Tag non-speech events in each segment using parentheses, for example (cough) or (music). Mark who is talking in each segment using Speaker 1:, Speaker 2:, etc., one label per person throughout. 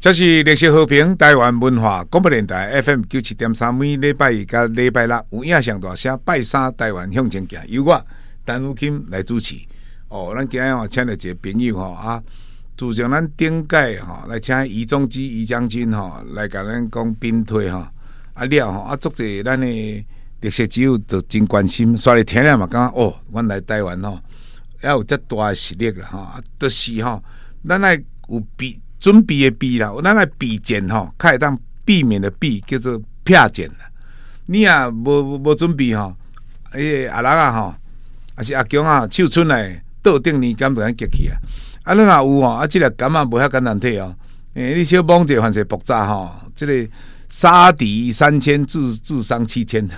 Speaker 1: 這是綠色和平台灣文化廣播電台 FM 九七點三，每禮 (music) 拜二到禮拜六有影上大聲拜三，台灣向前行，由我陳雨鑫來主持。哦，咱今日哦請了一個朋友哈啊，自從咱頂屆哈來請余中基余將軍哈、啊、來跟咱講兵推哈啊廖哈啊，足者咱的綠色只有就真關心，所以聽了嘛講哦，我來台灣哈、啊、要有遮大的實力了啊，著、就是哈，咱、啊、來有比。準備的備啦，咱來備錢吼，較會當避免的備叫做片錢了。你若無無準備吼、喔，迄個、啊、阿力啊吼，啊，是阿強啊，手春來到頂年感染結去啊，啊，恁若有啊，啊即個感啊無赫簡單體哦，誒，你小幫者患些爆炸吼，即、喔這個殺敵三千，自自傷七千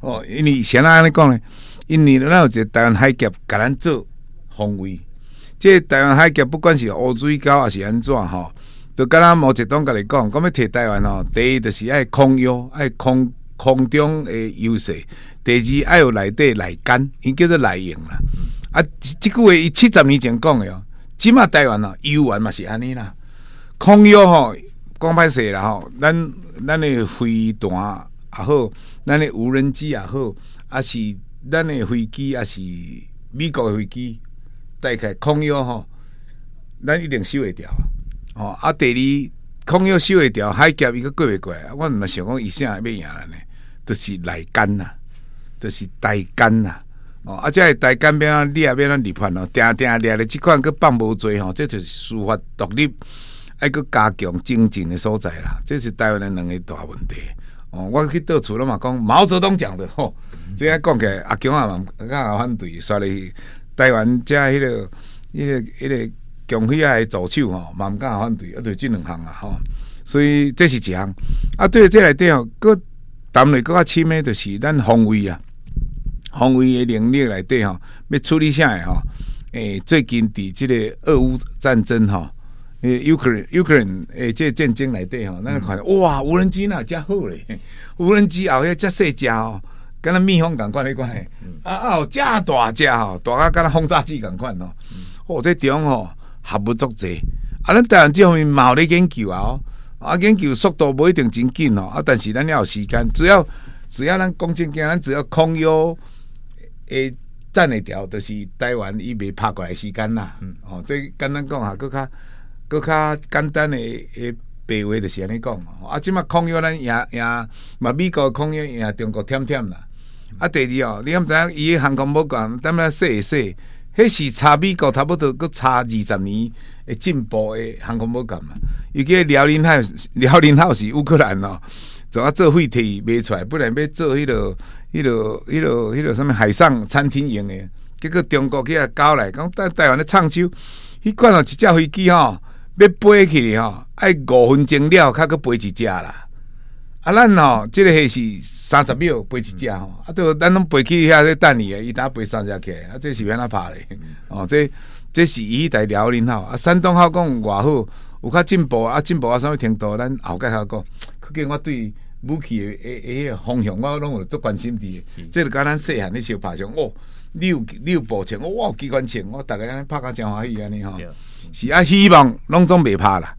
Speaker 1: 哦，因為以前安尼講嘞，因為那有，哪有台灣海峽甲咱做防衛。即台灣海峽不管是烏水溝還是安怎吼、哦，都敢若毛澤東甲你講，講要摕台灣吼、哦。第一就是愛空優，愛空空中誒優勢；第二愛有內地內奸，伊叫做內應啦。啊，即句話伊七十年前講誒哦，即碼台灣啦、哦，遊玩嘛是安尼啦。空優吼、哦，講歹勢啦吼、哦，咱咱誒飛彈也好，咱誒無人機也好，啊是咱誒飛機，啊是美國的飛機。打開空腰吼、哦、咱一定收會牢啊！哦，啊第二空腰收會牢，海夾伊閣過袂過，我毋咪想講伊啥系贏樣呢，着、就是內奸啊，着、就是大奸啊。哦，啊，即系大奸邊啊，你啊邊啊，離叛咯，定定停嘞！即款閣放無濟吼，這就是司法獨立，還閣加強精進的所在啦。這是台灣的兩個大問題哦。我去到處攏嘛，講毛澤東講的吼，即個講起來阿強啊，咁啊反對，所以。台灣才迄個、迄、那個、迄、那個，強氣愛助手吼，毋敢反對，啊，著這兩項啊吼。所以這是一項啊，啊？對，這內底吼，佫談落佫較深的，著是咱防衛啊，防衛的能力內底吼，要處理啥來吼。誒，最近佇這個俄烏戰爭吼，誒，Ukraine，Ukraine，誒，這個戰爭內底吼，咱看、嗯、哇，無人機哪遮好咧，無人機哦要遮細隻哦。跟那蜜蜂敢關沒關係，啊啊！真大只吼，大啊！跟那轟炸機敢關哦。我這地方哦，還不足濟。啊，咱台灣只方面嘛有咧研究啊、哦，啊，研究速度不一定真緊哦。啊，但是咱要有時間，只要只要咱攻進，跟咱只要控油誒，站一條就是台灣伊未拍過來的時間啦。嗯，哦，這簡單講啊，擱較擱較簡單的白話就是安尼講。啊，今嘛控油咱贏贏嘛美國控油贏中國舔舔啦。啊，第二哦，你敢知影伊航空母艦，呾咩說說，迄是差美國差不多，閣差二十年誒進步誒航空母艦嘛。伊個遼寧號，遼寧號是烏克蘭咯，就啊做廢鐵賣出來，不然要做迄、那個、迄、那個、迄、那個、迄、那個啥物海上餐廳用誒。結果中國佮伊搞來，講台灣咧唱秋，伊看到一架飛機吼、哦，要飛起吼、哦，愛五分鐘了，卡閣飛一架啦。啊，咱吼即、這個還是三十秒背一隻吼、嗯，啊，咱都咱攏背去遐咧等伊你，伊旦背三隻起來，啊，即是偏那拍的，吼、嗯，即、哦、即是以台遼寧號啊，山東號講有偌好有較進步啊，進步啊，啥物聽到，咱後壁。遐講，可見我對武器誒誒方向我攏有足關心佇，即是甲咱細漢那時有拍像哦，你有你有步槍、哦，我有機關槍，我逐個安尼拍甲誠歡喜安尼吼，是啊，希望攏總袂拍啦。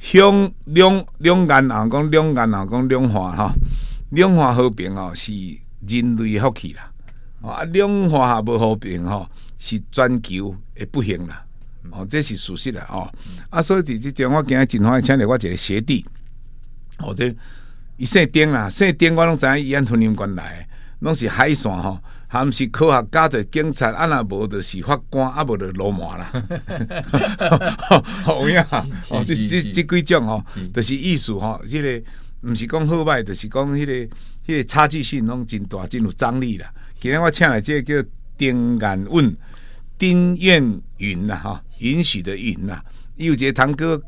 Speaker 1: 向兩兩岸啊，講兩岸啊，講兩岸吼，兩岸和平吼，是人類的福氣啦。啊，兩岸也無和平吼，是全球的不幸啦。吼，這是事實啦。吼啊，所以佇即種我今日真歡喜請了我一個學弟，吼，的伊姓丁啦，姓丁我攏知影你們過來，攏是海線吼。含是科學家，儕警察，啊若無就是法官，啊無就流氓啦。好 (laughs) 呀、 (laughs) (laughs) 哦，哦，即即即幾種吼，哦，就 (laughs) 是意思吼，哦，即，這個毋是講好歹，就是講迄，那個迄，這個差距性攏真大，真有張力啦。今天我請來即個叫丁彥允丁彥允啦，啊，吼允許的允啦，啊，伊有一個堂哥。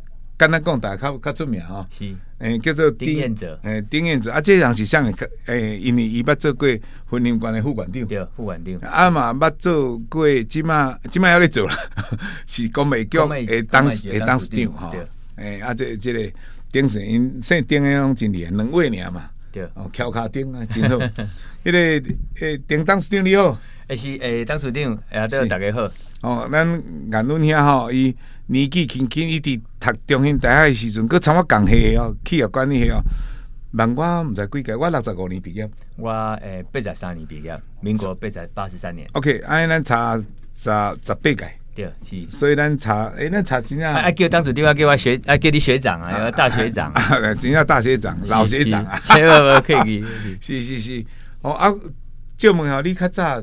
Speaker 1: 剛剛講大家較較出名哈，是誒、欸、叫做丁彥允，誒丁彥允、欸、啊，這人是啥個？誒、欸，因為伊捌做過婚姻關的副館長，對，副館長啊嘛，捌做過，即馬即馬要你做啦， (laughs) 是講袂叫誒，當誒，當董事長哈，誒、欸、啊，這個、這個丁是因姓丁，攏真厲害兩位年嘛，對，哦、喔，翹骹丁啊，真好，迄、 (laughs) 那個誒，丁、欸、當董事長你好，
Speaker 2: 誒、欸，是誒、欸，當董事長，哎、欸、呀，都大家
Speaker 1: 好哦，咱雨鑫兄吼伊。年紀輕輕，伊佇讀中興大學時陣、喔，佮參我講戲哦，企業管理哦、喔。問我，我唔知幾屆，我六十五年畢業，
Speaker 2: 我誒，八十三年畢業，民國八十三年。
Speaker 1: OK，阿、啊、咱查，查，查十十八屆，對，是。所以咱查，誒、欸，咱查真正，怎、啊、樣？阿叫當時電
Speaker 2: 話叫我學，阿叫你學長啊，啊大，學長啊啊啊大學長，真叫大學長，老學長
Speaker 1: 啊。啊可以可以、
Speaker 2: 啊，是是是。哦啊，就問下你，較早。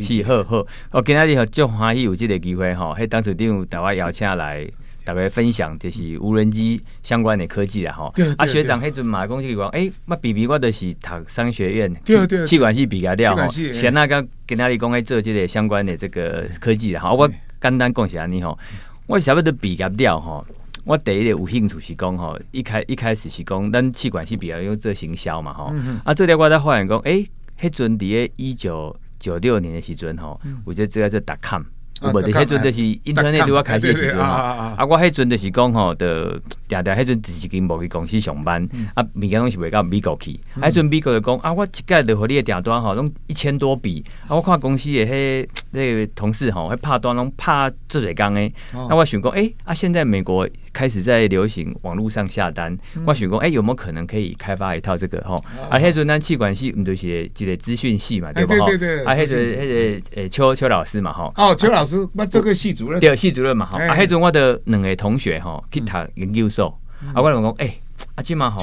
Speaker 2: 是，好好，今仔日好，足歡喜有即個機會吼，迄當時汝有甲我邀請來，逐個分享就是無人機相關的科技啦吼。啊，學長，迄陣嘛講起講，哎，我畢畢我就是讀商學院，對啊對啊，氣管系畢業了吼。先那個跟今仔日講，去做即個相關的這個科技啦，哈，我簡單講是安尼吼，我差不多畢業了吼，我第一有興趣是講吼，一開一開始是講，咱氣管系畢業用做行銷嘛吼，啊，這條我才發現講，哎，迄陣底誒一九。九六年的時候，我覺得這個是大看。嗯啊、有袂記迄陣就是 internet 開始誒時陣嘛，啊，啊，啊，啊我迄陣就是講吼的，嗲嗲迄陣自是跟某個公司上班，嗯、啊，物件東西袂夠，美國去，還、嗯、陣、啊、美國就講啊，我一蓋就荷你嗲端吼，攏一千多筆，啊，我看公司誒迄、那個那個同事吼，還拍單攏拍足濟工誒、哦，那我想講誒、欸，啊，現在美國開始在流行網絡上下單，嗯、我想講誒、欸，有沒有可能可以開發一套這個吼？啊，迄陣咱企管系唔就是一個資訊系嘛，對、哎、不？對，對，對啊，迄陣迄個誒邱邱老師嘛，吼、啊，哦，邱老我、啊、這個
Speaker 1: 系主任，對，系主任嘛。
Speaker 2: 好，啊，迄、欸、陣、啊、我的兩個同學吼，去讀研究所。啊，我攏講，哎，阿姐嘛，好。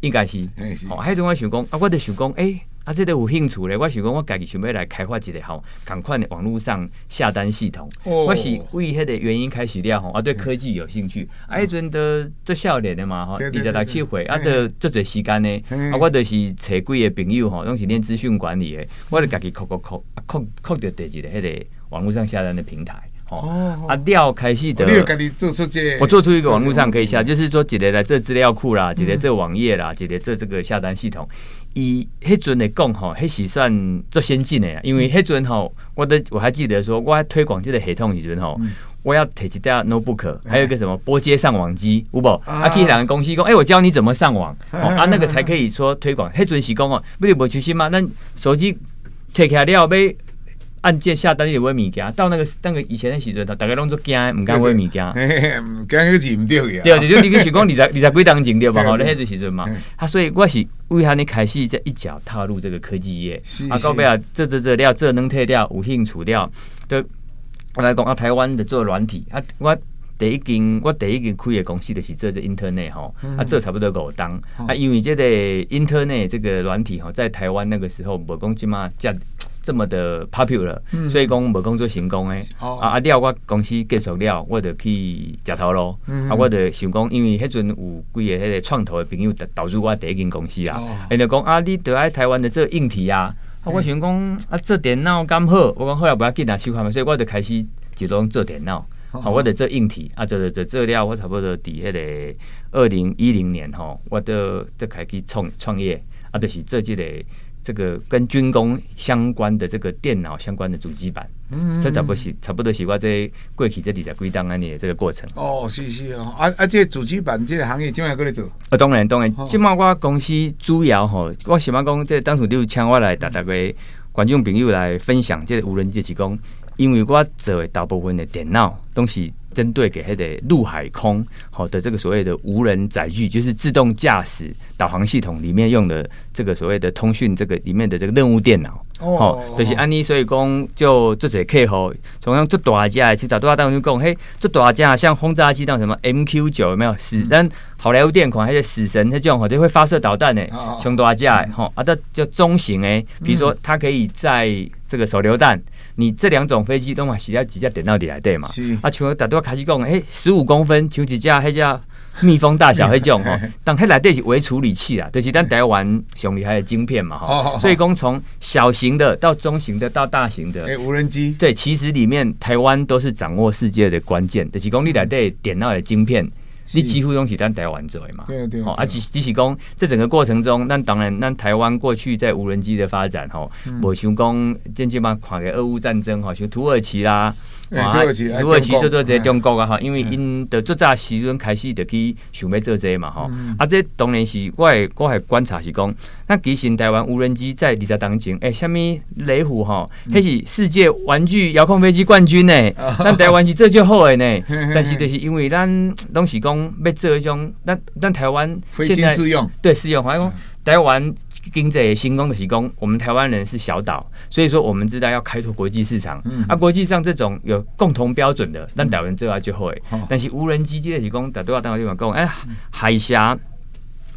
Speaker 1: 應該
Speaker 2: 是。好，迄陣我想講，啊，我就想講，哎，阿姐對有興趣咧。我想講，我家己想要來開發一個吼共款的網絡上下單系統。哦、我是為迄個原因開始了吼。欸、啊，對科技有興趣。欸、啊，迄陣都做少年的嘛，吼，二十六七歲，欸啊，欸、啊，都做濟時間嘞。啊，我都是找幾個朋友，吼，攏是念資訊管理的，我咧家己考考考，考考到第一的迄個。網絡上下單的平台，哦，阿廖凱西的，沒有跟你做出去，這個，我做出一個網絡上可以下，就是說，解決這資料庫啦，解決這網頁啦，解決這這個下單系統。以迄陣的講吼，迄時算做先進的呀，因為迄陣吼，我的我還記得說，我要推廣這是系統以前吼，我要推出掉 notebook，還有一個什麼撥接上網機，唔、嗯、寶，阿 k e 公司講，哎、欸，我教你怎麼上網，啊，啊啊啊啊那個才可以說推廣。迄、啊、陣時講哦，不如無出現嘛，手機貼起了後尾。按鍵下單有買物件，到那個那個以前的時陣，大家攏做驚假，唔敢買物件。
Speaker 1: 假個錢唔掉呀，對啊，就是你是講二十 (laughs) 二十幾當對吧？好，你那個時陣嘛，對
Speaker 2: 對對啊，所以我是為啥你開始這一腳踏入這個科技業？是是啊，到尾啊，做做做了，做能退掉，有興趣了，對，我來講啊，台灣的做軟體啊，我第一間我第一間開的公司就是做這這 internet 哈、啊嗯，啊，做差不多五當、哦。啊，因為這個 internet 這個軟體哈、啊，在台灣那個時候，無講即嘛遮。這麼的 popular 了、嗯，所以講無工作成功誒、哦。啊啊！了我公司結束了，我就去食頭咯。啊，我就想講，因為迄陣有幾個迄個創投的朋友投投資我第一間公司啊。因、哦、就講啊，你佇愛台灣的做硬體啊，啊、哦，我想講啊，做電腦更好。我講好啦不要緊啊，收筆嘛，所以我就開始集中做電腦。好、哦哦啊，我就做硬體啊，做做做做了，我差不多佇迄個二零一零年吼，我都就,就開始創創業啊，就是做即、這個。這個跟軍工相關的這個電腦相關的主機板，嗯，嗯，這、嗯、差不多是、差不多是我這過去這二十幾檔安尼這個過程。
Speaker 1: 哦，是是、哦、啊，啊，而、這、且、個、主機板這個行業將來過來做、
Speaker 2: 哦，當然當然，即、哦、馬我公司主要吼、哦，我希望講這個、當時你有請我來答答個觀眾朋友來分享，即無人機是講，因為我做的大部分的電腦都是。針對給嘿的陸海空好的這個所謂的無人載具，就是自動駕駛導航系統裡面用的這個所謂的通訊這個裡面的這個任務電腦哦，oh, oh, oh, oh, oh. 就是安妮所以講就這些客戶從中央做大隻去找多少單位去講嘿，做大隻、欸、像轟炸機當什麼 MQ 九有沒有死、嗯、萊死神好萊塢電款，還是死神那種好就會發射導彈誒，衝大隻誒哈啊，它叫中型誒，比如說它可以載這個手榴彈。嗯嗯你這兩種飛機都是嘛需要幾架電腦裡來對嘛？啊，像我大多開始講，誒十五公分，像幾架迄只蜜蜂大小迄種哦， (laughs) 但迄來對是微處理器啊。就是咱台灣上厲害的晶片嘛哈。 (laughs) 所以講，從小型的到中型的到大型的，哎、 (laughs) 欸，無人機對，其實裡面台灣都是掌握世界的關鍵，就是講你裡面電腦的晶片。你幾乎攏是咱台灣做的嘛，
Speaker 1: 對，對，對，對啊，只
Speaker 2: 是只是講，這整個過程中，咱當然，咱台灣過去在無人機的發展吼，無、嗯、想說間接嘛，看個俄烏戰爭吼，像土耳其啦。做做做中國啊哈，因為因在最早時陣開始就去想要做這個嘛哈、嗯，啊這當然是我的我的觀察是講，那其實台灣無人機在二十當中哎，什麼雷虎、哦、嗯、是世界玩具遙控飛機冠軍呢，哦、台灣是好呢，但是就是因為咱都是講要做這種，咱咱台灣現在對試用，講。台灣經濟新工提工，我們台灣人是小島，所以說我們知道要開拓國際市場。嗯嗯啊，國際上這種有共同標準的，但台灣做得最好。嗯嗯但是無人機機的提供，大家都要到地方供。哎、欸，海峽。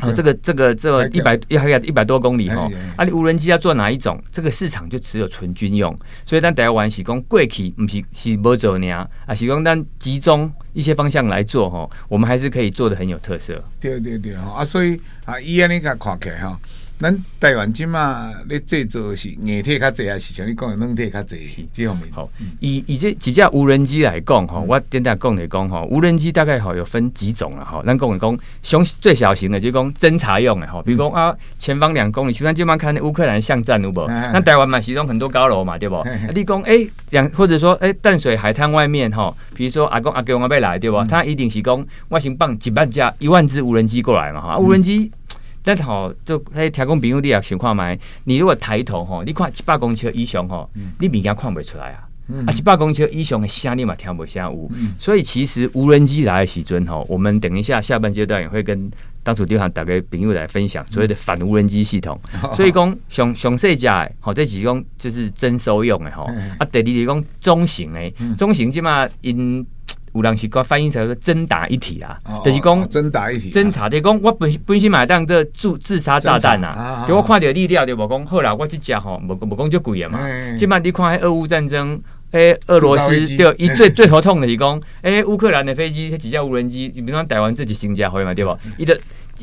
Speaker 2: 哦、啊，這個這個這個一百一還一百多公里吼，啊，你無人機要做哪一種？這個市場就只有純軍用，所以咱台灣是講過去不是是沒做呢啊，是講咱集中一些方向來做吼，我們還是可以做得很有特色。
Speaker 1: 對對對啊所以啊依安你看看去哈。咱台灣機嘛，你最做是硬體較儕還是像你講的軟
Speaker 2: 體較儕這方面。好，以以這幾架無人機來講吼、嗯，我現在講來講吼，無人機大概好有分幾種了吼。咱講來講，最最小型的就講偵察用的吼。比如講、嗯、啊，前方兩公里，台咱機嘛，看烏克蘭的巷戰有不？那、啊、台灣嘛，其中很多高樓嘛，對不對？你講哎，講、啊、或者說哎，淡水海灘外面吼，比如說阿公阿公阿貝來對不對？他、嗯、一定是講我先放一萬架一萬隻無人機過來嘛哈、啊，無人機。嗯在吼，做迄聽講朋友你也想看麥？你如果抬頭吼，你看一百公尺以上吼，你物件看袂出來啊、嗯！啊，一百公尺以上嘅聲你嘛聽不下有、嗯。所以其實無人機來嘅時陣吼，我們等一下下半階段也會跟當初劉漢打個朋友來分享、嗯、所謂的反無人機系統。哦、所以講上上細隻吼，這是講就是徵收用嘅吼、嗯，啊，第二就講中型嘅、嗯，中型起碼因。有人是講翻譯成說偵打一體啊哦哦，就是講偵、哦、打一體、啊，偵查。就是講我本本身嘛當這自自殺炸彈啊，對、啊啊、我看着力量對無？講後來我這架吼，無無講足貴了嘛。今嘛你看喺俄烏戰爭，哎，俄羅斯就伊最、哎、最頭痛的是講， (laughs) 哎，烏克蘭的飛機那幾架無人機，你比如講台灣這幾新架飛嘛，對不對？伊 (laughs) 的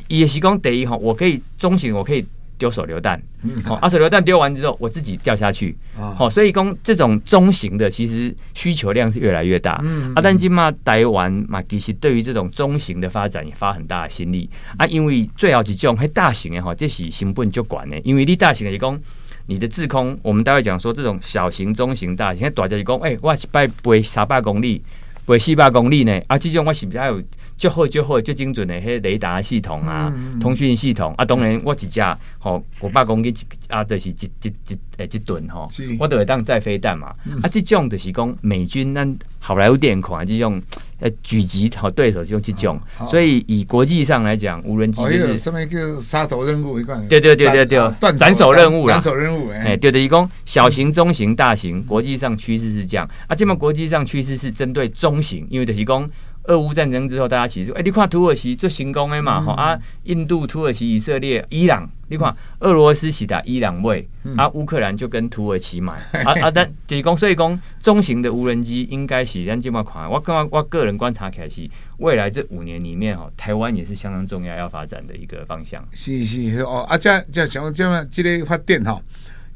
Speaker 2: 也是講第一吼，我可以中型，我可以。丟手榴彈，好、 (laughs) 啊，阿手榴彈丟完之後，我自己掉下去，好、 (laughs) 哦，所以講這種中型的其實需求量是越來越大。阿、嗯嗯嗯啊、但今嘛，台灣嘛，其實對於這種中型的發展也發很大的心力。嗯嗯啊，因為最好一種系大型的哈，這是成本就貴呢，因為你大型的講，你的自控，我們待會講說這種小型、中型、大型，大型，那大家、欸、就講，哎，我，百背三百公里，背四百公里呢？啊，這種我是比較有。最好、最好、最精準的迄雷達系統啊，嗯、通訊系統、嗯、啊，當然我一隻吼，五百公斤啊，就是一、一、一誒，一噸吼是，我就會當載飛彈嘛、嗯。啊，這種就是講美軍咱好萊塢電影看這種誒狙擊好對手就用這種、哦，所以以國際上來講，無人機就是
Speaker 1: 上面就殺頭
Speaker 2: 任務一貫，對對對對對，斬、哦、首任，任務，斬首任務誒，對對一共小型、中型、大型，嗯、國際上趨勢是這樣、嗯、啊。這面國際上趨勢是針對中型，因為就是講。俄烏戰爭之後，大家其實，哎、欸，你看土耳其最成功誒嘛，哈、嗯、啊，印度、土耳其、以色列、伊朗，你看俄羅斯是打伊朗位、嗯，啊，烏克蘭就跟土耳其買，啊啊，但提供、就是、所以講中型的無人機應該是咱這麼看，我跟我個人觀察起來是未來這五年裡面哈，台灣也是相當重要要發展的一個方向。是
Speaker 1: 是哦，啊，這這像這麼、哦那個，這類發電哈，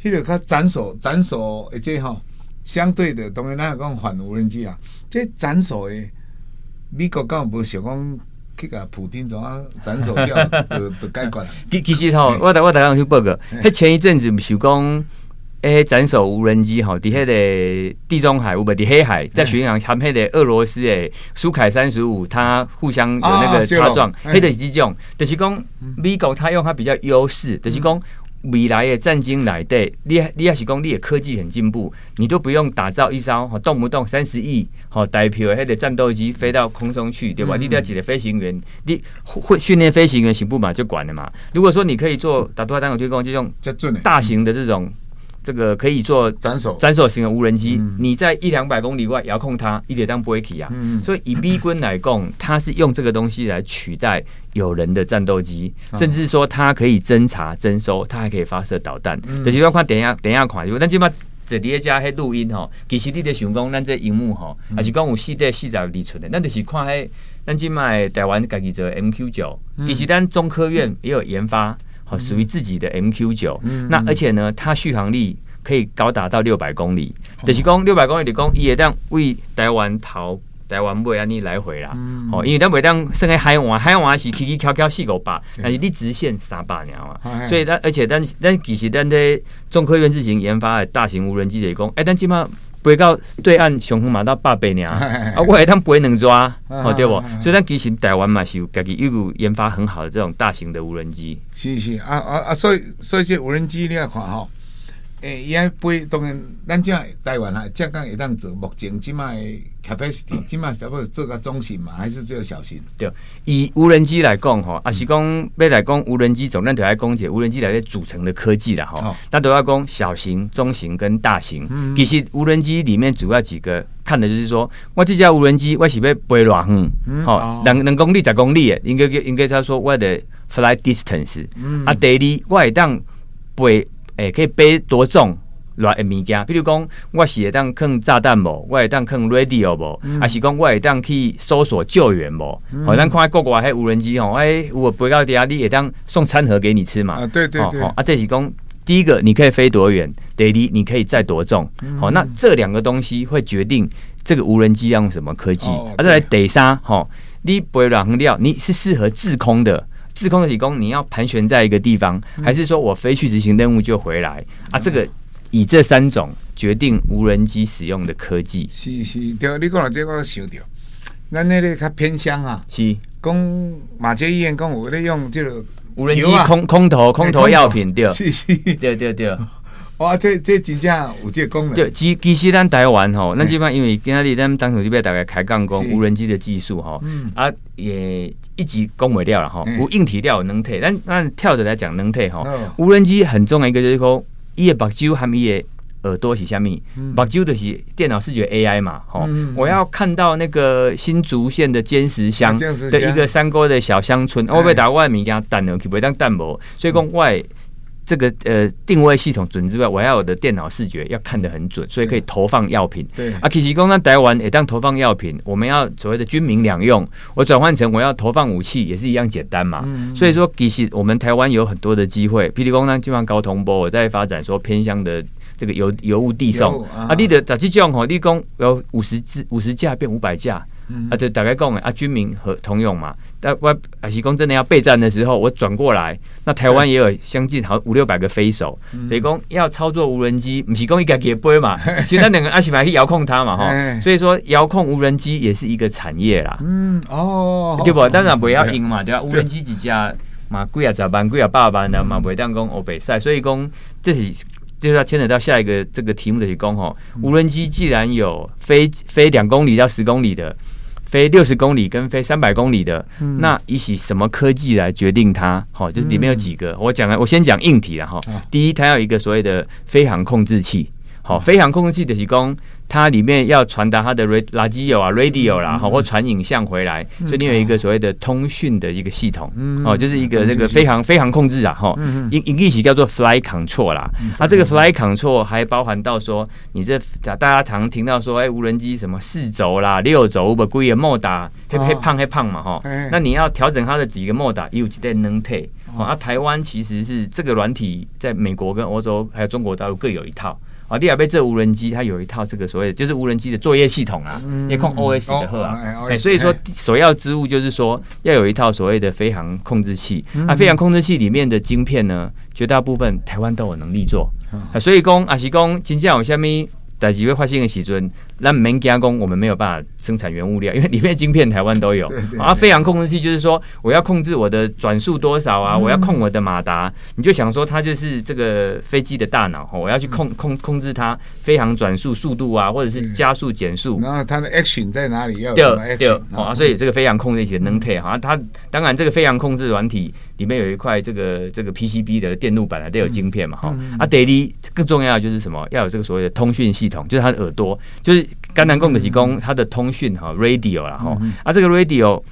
Speaker 1: 迄個斬首斬首，而且哈相對的東西，咱有講反無人機啊，這斬首誒。美國剛剛不是說講，去個普丁怎啊斬首掉，
Speaker 2: 就就解決了。其其實吼，我我剛剛去報告，他、嗯嗯、前一陣子不是說個有講，誒，斬首無人機吼底下嘞地中海有沒有，黑海在巡航，含黑個俄羅斯的蘇凱三十五，他互相有那個擦撞，黑、啊啊嗯、是這種，就是講，美國他用他比較優勢、嗯，就是講。未來的戰爭來的你你要是講，你的科技很進步，你都不用打造一艘，哈，動不動三十億，代表的那個戰鬥機飛到空中去，嗯、對吧？你要幾個飛行員，你會訓練飛行員行不嘛？就管了嘛。如果說你可以做打獨霸當個推廣，就用大型的這種。嗯嗯這個可以做斬首、斬首型的無人機，你在一兩百公里外遙控它，一點燈不會起啊。嗯嗯所以以美軍來講，它是用這個東西來取代有人的戰鬥機，甚至說它可以偵查、偵收，它還可以發射導彈。這幾句話等一下、等一下看，看那起碼這裡一家還錄音吼，其實你得想講，咱這熒幕吼，還是講有四代、四代的儲存的，那就是看還。咱起碼台灣自己做 MQ 九，其實咱中科院也有研發。嗯嗯嗯哦，屬於自己的 MQ 九，那而且呢，它續航力可以高達到六百公里。得、就是講六百公里的伊會當為台灣跑台灣袂安尼來回啦。哦、嗯嗯，因為們不會當算在海岸，海岸是起起翹翹四五百，但是你直線三百鳥嘛。哦、所以它而且但但其實但這中科院自行研發的大型無人機的工，哎、欸，但起碼。飛到對岸雄風嘛，到八百米啊！啊，我來趟飛兩能抓、哎、好、哎哎哎哦、對不、啊？啊啊啊啊、所以咱其實台灣嘛是有家己，有研發很好的這種大型的無人機。是
Speaker 1: 是啊啊啊！所以所以這無人機你也看哈。誒、欸，伊愛飛當然，咱只台灣啊，只敢會當做目前只賣 capacity，只賣差不多做到中型嘛，還是只有小型？
Speaker 2: 對。以無人機來講，吼，啊、嗯、是講，要來講無人機總量台要講，解無人機來的組成的科技啦，吼、哦。那台要講小型、中型跟大型，嗯嗯其實無人機裡面主要幾個看的就是說，我這架無人機我是要飛偌遠，好、嗯，兩、哦、兩公里、十公里的，應該應該他說我的 flight distance，、嗯、啊，第二我當飛。哎、欸，可以背多重的東西，物件比如講，我是會當扛炸彈無，我會當扛 radio 無，還是講我會當去搜索救援無。好、嗯，咱、喔、看下各國，國的無人機吼，哎、欸，我不要 d a d d 當送餐盒給你吃嘛。啊，對對對。喔喔，啊，這是講第一個，你可以飛多遠第二你可以載多重。好、嗯喔。那這兩個東西會決定這個無人機用什麼科技。哦、啊，再來第三，吼、喔喔喔，你不會料，你是適合滯空的？自控的理工，你要盤旋在一個地方，還是說我飛去執行任務就回來啊？這個以這三種決定無人機使用的科技。
Speaker 1: 是是，對，你講了這個小掉，那那裡它偏鄉啊。是，
Speaker 2: 講
Speaker 1: 馬偕醫院，講我咧用這個、啊、
Speaker 2: 無人機空空投空投藥品掉、
Speaker 1: 欸。是是，掉 (laughs) 哇，這這真正有這個功能。
Speaker 2: 就其實咱台灣吼，那這邊因為今仔日他當時就比較大概開講，無人機的技術吼，嗯、啊也一直講不掉了吼、欸，有硬體料能退，但按跳着來講能退吼、哦。無人機很重要一個就是講，伊個目睭含伊個耳朵是蝦米，目睭的是電腦視覺 AI 嘛，吼、嗯，我要看到那個新竹縣的尖石鄉的一個山溝的小鄉村，欸、我被打外名叫淡落去，袂當淡無，所以講外、嗯。我這個呃定位系統準之外，我還要我的電腦視覺要看得很準，所以可以投放藥品。嗯、對，啊其實剛剛台灣也當投放藥品，我們要所謂的軍民兩用，我轉換成我要投放武器也是一樣簡單嘛。嗯、所以說，其實我們台灣有很多的機會。譬如公基本上高通波在發展說偏鄉的這個郵郵物遞送，阿立的雜技匠吼，立、啊、功、嗯、有五十支五十架變五百架。啊、嗯嗯，就大概講，啊，軍民和通用嘛。但外阿西工真的要備戰的時候，我轉過來，那台灣也有相近好五六百個飛手，嗯嗯所以說要操作無人機，不是講一個給飛嘛。嗯、其實那兩個阿西蠻去遙控它嘛，哈、哎。所以說，遙控無人機也是一個產業啦。
Speaker 1: 嗯，哦，哦，哦哦哦、對不？當、哦、然、哦哦哦哦哦哦、不要
Speaker 2: 贏嘛，對吧，無人機幾家嘛貴啊，十萬貴啊，八萬的嘛，袂當講歐北賽。所以講，這是就是要牽扯到下一個這個題目的西工吼。無人機既然有飛飛兩公里到十公里的。飛六十公里跟飛三百公里的，嗯、那以起什麼科技來決定它？好，就是裡面有幾個，嗯、我講了，我先講硬體啦，然後、哦、第一，它有一個所謂的飛航控制器。哦，飛行控制器的提供，它裡面要傳達它的 radio 啊、radio 啦、啊、好、嗯，或傳影像回來、嗯，所以你有一個所謂的通訊的一個系統、嗯，哦，就是一個那個飛行、飛行控制啊，哈、哦，English 叫做 fly control 啦、啊嗯。啊，這個 fly control 還包含到說，你這大家常、常聽到說，哎、欸，無人機什麼四軸啦、六軸，不歸個摩打，黑黑胖黑胖嘛，哈、哦，那你要調整它的幾個摩打有幾代能退。啊，台灣其實是這個軟體，在美國跟歐洲還有中國大陸各有一套。馬蒂亞被這無人機，它有一套這個所謂的，就是無人機的作業系統啊，夜、嗯、空 OS 的貨啊。哎，所以說首、哎、要之物就是說，要有一套所謂的飛航控制器。那、嗯啊、飛航控制器裡面的晶片呢，絕大部分台灣都有能力做。嗯、啊，所以講阿西講，今、啊、朝有蝦米？大幾位發現的時陣？那門加工我們沒有辦法生產原物料，因為裡面晶片台灣都有。對對對對啊，飛行控制器就是說，我要控制我的轉速多少啊，嗯、我要控我的馬達。你就想說，它就是這個飛機的大腦哈，我要去控、嗯、控控制它飛行轉速、速度啊，或者是加速、減速。那
Speaker 1: 它的 action 在哪裡？對對啊！嗯、所以這
Speaker 2: 個飛行控制器能配。好、啊、像它當然這個飛行控制軟體裡面有一塊這個這個 PCB 的電路板啊，都有晶片嘛哈。嗯嗯啊，第二更重要的就是什麼？要有這個所謂的通訊系統，就是它的耳朵，就是。甘南貢的提供他的通訊哈 radio 啦哈。啊，這個 radio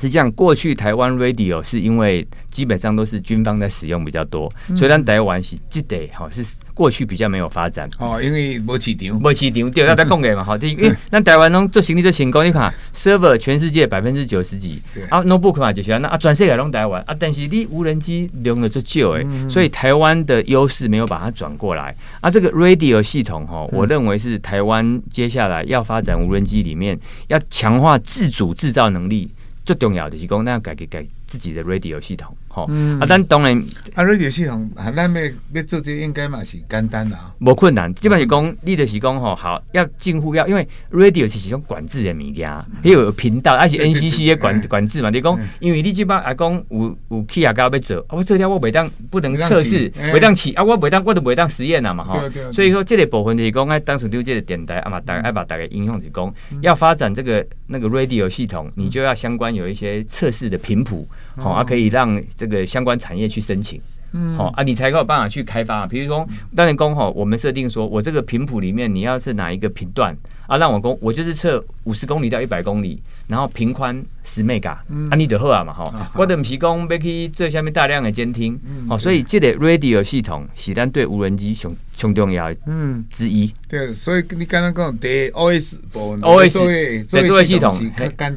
Speaker 2: 是這樣，過去台灣 radio 是因為基本上都是軍方在使用比較多，所以咱台灣是記得好是，過去比較沒有發展哦，因為沒市場，沒市場，第二要給嘛。第一，台灣做生理做成功，你看 (laughs) ，server 全世界百分之九十幾啊 notebook 嘛就是那啊，全世界攏台灣啊，但是你無人機用了就舊哎，所以台灣的優勢沒有把它轉過來啊。這個 radio 系統哈，我認為是台灣接下來要發展無人機裡面、嗯、要強化自主製造能力最重要的機構，那改革改。自己的 radio 系統，哈、嗯，啊，但當然，啊，radio 系統，啊，那邊要做這個應該嘛是簡單啦，無困難，基、嗯、本是講，你就是講，吼，好，要近乎要，因為 radio 其實是一種管制的物件，也、嗯、有頻道，而且 NCC 也管對對對管制嘛，欸、你講、欸，因為你這邊啊講有有器材要要做，啊，我這條我未當不能測試，未當試啊，我未當我都未當實驗了嘛，哈，所以說，這個部分就是講，哎，當時就這個電台啊嘛，大啊把打給影響就是講，要發展這個那個 radio 系統，你就要相關有一些測試的頻譜。好、哦、啊，可以讓這個相關產業去申請，嗯，好、哦、啊，你才有辦法去開發、啊。比如說，當然工吼，我們設定說，我這個頻譜裡面，你要是哪一個頻段。啊，讓我公我就是測五十公里到一百公里，然後頻寬十 mega，啊，你得後啊嘛哈，我等提供 Vicky 這下面大量的監聽，哦、嗯啊，所以這個 radio 系統是單對無人機雄雄重要嗯，之一。對，所以你剛剛講的 OS 包，OS 的作業，作業系統，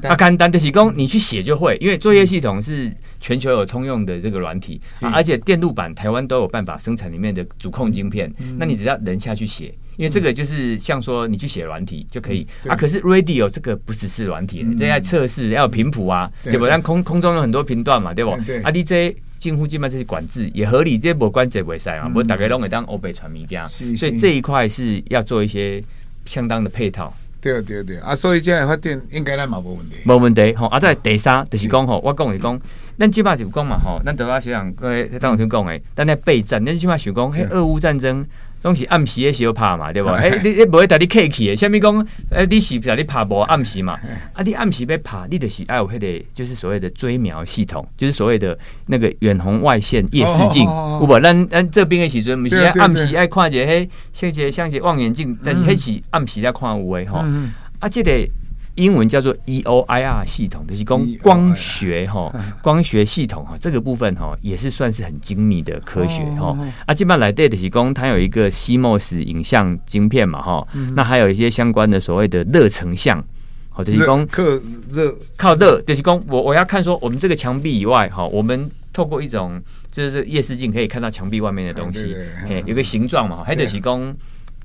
Speaker 2: 它簡單的施工你去寫就會，因為作業系統是全球有通用的這個軟體、嗯啊，而且電路板台灣都有辦法生產裡面的主控晶片，嗯、那你只要人下去寫。因為這個就是像說，你去寫軟體就可以、嗯、啊。可是 radio 這個不只是軟體，你、嗯、這要測試，要有頻譜啊，對不？但空空中有很多頻段嘛，對不對？啊，DJ 近乎，基本上這些、個、管制也合理，這些無關，不關節不賽嘛，不過大概攏會當歐北傳媒家傳，所以這一塊是要做一些相當的配套。對啊，對啊，對
Speaker 1: 啊。所以將來發展應該來冇冇問
Speaker 2: 題。冇問題哈、就是。啊，再第三就是講吼，我講你講，咱起碼就講嘛吼，咱得到學長跟張永軍講誒，咱在備戰，咱起碼想講，嘿，俄烏戰爭。攏是暗時的時候拍嘛，對不？哎、欸，你你不會跟你客氣的。啥物講，哎、欸，你是不是拍無暗時嘛嘿嘿嘿？啊，你暗時要拍，你就是要有迄個，就是所謂的追瞄系統，就是所謂的那個遠紅外線夜視鏡，哦哦哦哦哦。有無咱咱這邊的時陣，毋、嗯、是是暗時愛看一黑像一個像一個望遠鏡，但是迄是暗時在看有的吼嗯嗯。啊，記、這個。英文叫做 E O I R 系統，就是光光學哈、e 哦，光學系統哈，這個部分哈也是算是很精密的科學哈、哦哦。啊，基本上來德德西工，它有一個 CMOS 影像晶片嘛哈、嗯，那還有一些相關的所謂的熱成像，或、就、者是工靠熱靠熱德我我要看說我們這個牆壁以外哈，我們透過一種就是夜視鏡可以看到牆壁外面的東西，哎，哎有個形狀嘛，還得是工。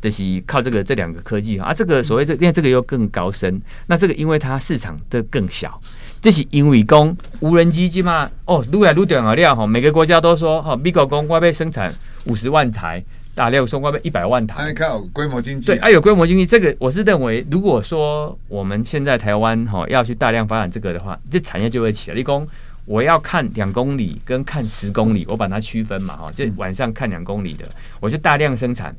Speaker 2: 就是靠這個這兩個科技啊，這個所謂這個，因為這個又更高深。那這個因為它市場的更小，這是因為工無人機，基本上哦，如來如點好料哈。每個國家都說哈，美國工外面生產五十萬台，大量送外面一百萬台。它靠規模經濟，啊。對，它，啊，有規模經濟。這個我是認為，如果說我們現在台灣哈，哦，要去大量發展這個的話，這產業就會起來。你說，我要看兩公里跟看十公里，我把它區分嘛哈。這晚上看兩公里的，我就大量生產。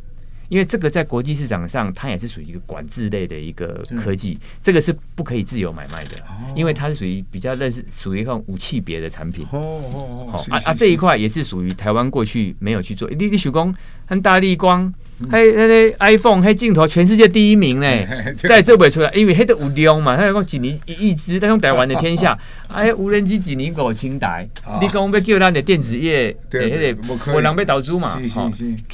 Speaker 2: 因為這個在國際市場上，它也是屬於一個管制類的一個科技，嗯、這個是不可以自由買賣的，哦、因為它是屬於比較認識屬於一種武器別的產品。哦，哦，哦水水水啊啊這一塊也是屬於台灣過去沒有去做。立立雪光和大力光。黑、嗯、那個 iPhone 那鏡頭全世界第一名嘞，再做不出來，因為那個有量嘛。他講幾年一一支，他用台灣的天下，呵呵呵啊、無人機幾年我清台，你講別叫他的電子業，嗯、對對個無人被倒租嘛是是是、哦。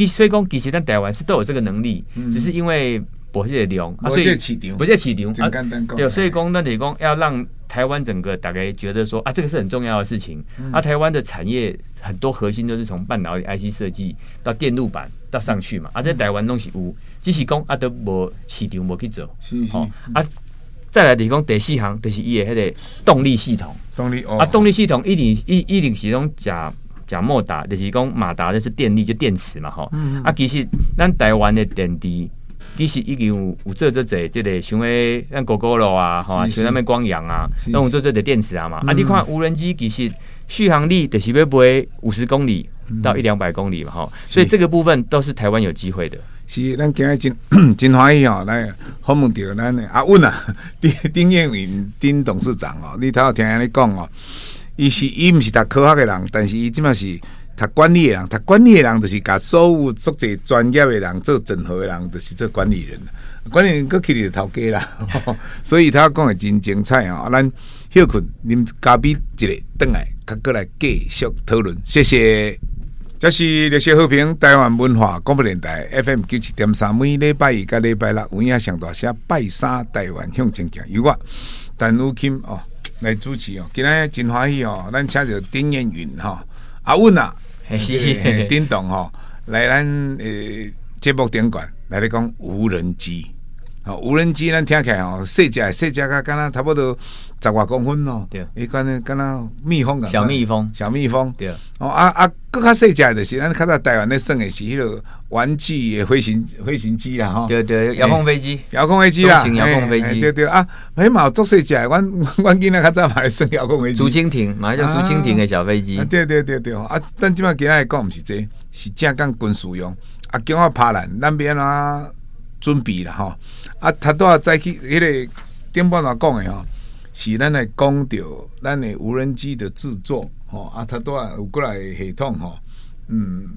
Speaker 2: 所以講其實咱台灣是都有這個能力，嗯、只是因為的量、嗯。啊，所以不是起掂，對，所以講那講要讓。台灣整個大概覺得說啊，這個是很重要的事情。啊，台灣的產業很多核心都是從半導體、IC 設計到電路板到上去嘛。嗯、啊，在台灣都是有，只是講啊都無市場無去做。是是哦、啊，再來提供第四行就是伊的那個動力系統。動力、哦、啊，動力系統一定一一定是用假假莫達，就是講馬達就是電力就是、電池嘛哈、哦嗯嗯。啊，其實咱台灣的電池。其實已經有有做做做，就個像個像狗狗了啊，哈，像那邊光陽啊，是是那五、啊、做做的電池啊嘛，嗯、啊，你看無人機其實續航力得是要不五十公里到一兩百公里嘛哈，嗯、所以這個部分都是台灣有機會的。是,
Speaker 1: 是，咱今日真真歡喜哦，來，訪問著，咱的啊，啊，啊丁丁彥允，丁董事長哦，你頭有聽你講哦，伊是伊毋是讀科學的人，但是伊即馬是。他管理的人，他管理的人就是甲所有做這專業的人做整合的人，就是做管理人。管理人擱去嚟，就頭家啦，所以他講的真精彩啊！咱休困，你們嘉賓即個等來，佮過來繼續討論。謝謝，這是熱線好評台灣文化廣播電台 FM 九七點三，每禮拜一加禮拜六有影上大寫拜三台灣向前進。由我陳雨鑫哦來主持哦，今日真歡喜哦，咱請就丁彥允哈啊阮啊。丁董吼，來咱誒節目頂管，來咧講無人機。啊，無人機咱聽起來哦，細隻細隻，跟跟那差不多十外公分哦。對啊，你講那跟蜜蜂啊。小蜜蜂，小蜜蜂。對哦啊啊，閣較細隻就是咱看到台灣咧耍誒，是迄落玩具誒飛行飛行機啊哈。對對，對，遙控飛機。欸、遙控飛機啊，遙控飛機、欸。對對，對啊，沒毛做細隻，阮阮囡仔較早買來耍遙控飛機。竹蜻蜓，
Speaker 2: 買一種竹蜻蜓誒小飛機、啊。
Speaker 1: 對對對對，啊，但起碼其他講毋是這個，是正港軍事用。啊，叫我爬欄那邊啊，準備了哈。吼啊，他都啊再去，迄個頂半下講的吼，是咱來講着咱的無人機的製作吼啊，他都啊有過來系統吼。嗯，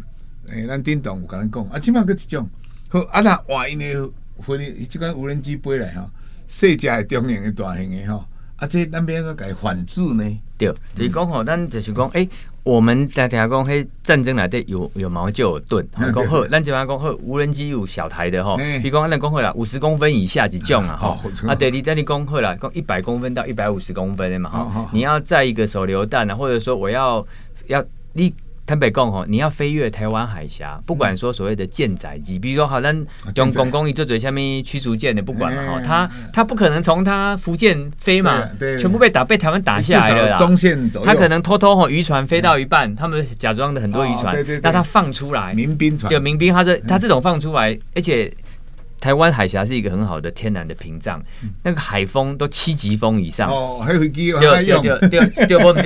Speaker 1: 誒、欸，咱叮當有甲咱講，啊，起碼擱一種。好，啊那萬一呢，飛即個無人機飛來哈，細、喔、只的、中型的、大型的哈，啊，這那邊個該反制呢？
Speaker 2: 對，就是講吼，咱就是講誒。欸我們在大家講黑戰爭來的，有有矛就有盾，哈、嗯，講好，咱講話講好無人機有小台的哈，吼，比方那講好了五十公分以下就降了哈、 (laughs) 哦，啊，等你，等你講好啦，講一百公分到一百五十公分的嘛，哈、哦哦，你要載一個手榴彈呢，或者說我要要立。你坦白講齁，你要飛越台灣海峽，不管說所謂的艦載機，比如說好像用空共一這種下面驅逐艦的，不管了、嗯哦、他他不可能從他福建飛嘛，嗯、全部被打被台灣打下來了啦。中
Speaker 1: 線走，他可能
Speaker 2: 偷偷吼、哦、漁船飛到一半，嗯、他們假裝的很多漁船、哦對對對對，那他放出來民兵船，有民兵，他說他這種放出來，嗯、而且。台灣海峽是一個很好的天然的屏障，嗯、那個海風都七級風以上
Speaker 1: 哦，還有機啊，愛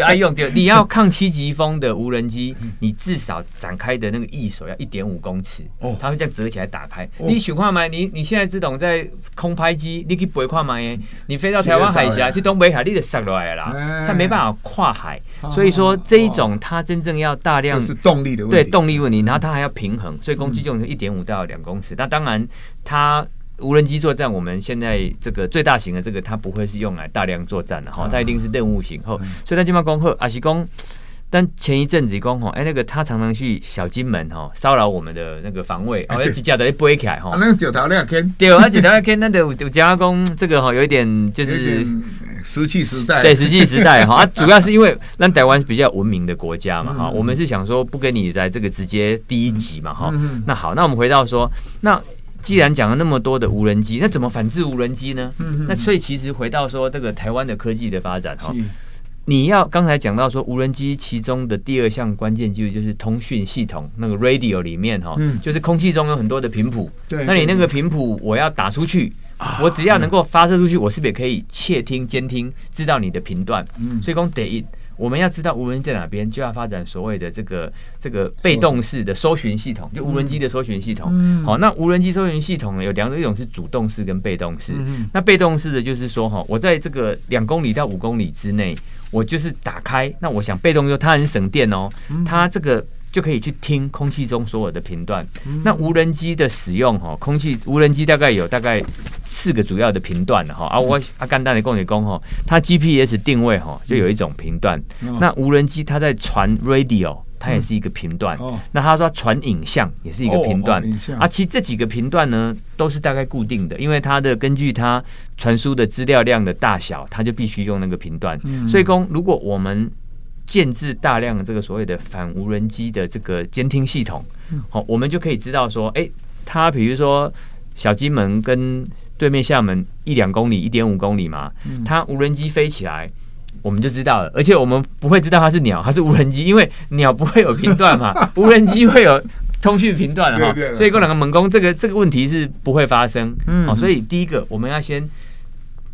Speaker 1: 愛用就。你要
Speaker 2: 抗七級風的無人機，你至少展開的那個翼手要一點五公尺、哦、它會這樣折起來打開。你巡航嗎？你你，你現在這懂在空拍機，你可以不會跨嗎？耶、嗯，你飛到台灣海峽、嗯嗯、去東北海，你得上來了啦、欸，它沒辦法跨海、哦。所以說這一種它真正要大量、哦哦、是動力的問對動力問題、嗯，然後它還要平衡，所以攻擊就一點五到兩公尺、嗯。那當然它。他、啊、無人機作戰，我們現在這個最大型的這個，它不會是用來大量作戰的哈、哦啊，它一定是任務型。後、嗯、所以說，他今巴恭課阿西工，但前一陣子恭候哎，那個他常常去小金門哈，騷、哦、擾我們的那個防衛，而且叫的也播起來哈、哦啊。那九條兩天，對，那九條兩天，那的加工這個哈，有一點就是石器 (laughs) 時代，對、哦，石器時代哈。主要是因為那台灣是比較文明的國家嘛哈、嗯嗯，我們是想說不跟你在這個直接第一集嘛哈、嗯嗯嗯。那好，那我們回到說那。既然講了那麼多的無人機，那怎麼反制無人機呢、嗯？那所以其實回到說這個台灣的科技的發展哈、喔，你要剛才講到說無人機其中的第二項關鍵技術就是通訊系統，那個 radio 裡面哈、喔嗯，就是空氣中有很多的頻譜、嗯，那你那個頻譜我要打出去，我只要能夠發射出去，嗯、我是不是也可以竊聽監聽知道你的頻段、嗯？所以說第一。我們要知道無人機在哪邊，就要發展所謂的這個這個被動式的搜尋系統、嗯，就無人機的搜尋系統、嗯。好，那無人機搜尋系統呢有兩種，一種是主動式跟被動式、嗯。那被動式的就是說，哈，我在這個兩公里到五公里之內，我就是打開。那我想被動，又它很省電哦，嗯、它這個。就可以去聽空氣中所有的頻段、嗯。那無人機的使用哈，空氣無人機大概有大概四個主要的頻段、嗯啊、我簡單的哈。阿阿甘達的供電工吼，它 GPS 定位吼，就有一種頻段、嗯。那無人機它在傳 radio，它也是一個頻段。嗯哦、那他說傳影像也是一個頻段哦哦哦。啊，其實這幾個頻段呢，都是大概固定的，因為它的根據它傳輸的資料量的大小，它就必須用那個頻段、嗯。所以說，如果我們建置大量這個所謂的反無人機的這個監聽系統，好、嗯哦，我們就可以知道說，誒、欸，它比如說小金門跟對面廈門一兩公里、一點五公里嘛，嗯、它無人機飛起來，我們就知道了，而且我們不會知道它是鳥，還是無人機，因為鳥不會有頻段嘛， (laughs) 無人機會有通訊頻段哈、 (laughs) 哦，所以過兩個門工，這個這個問題是不會發生，好、嗯哦，所以第一個我們要先。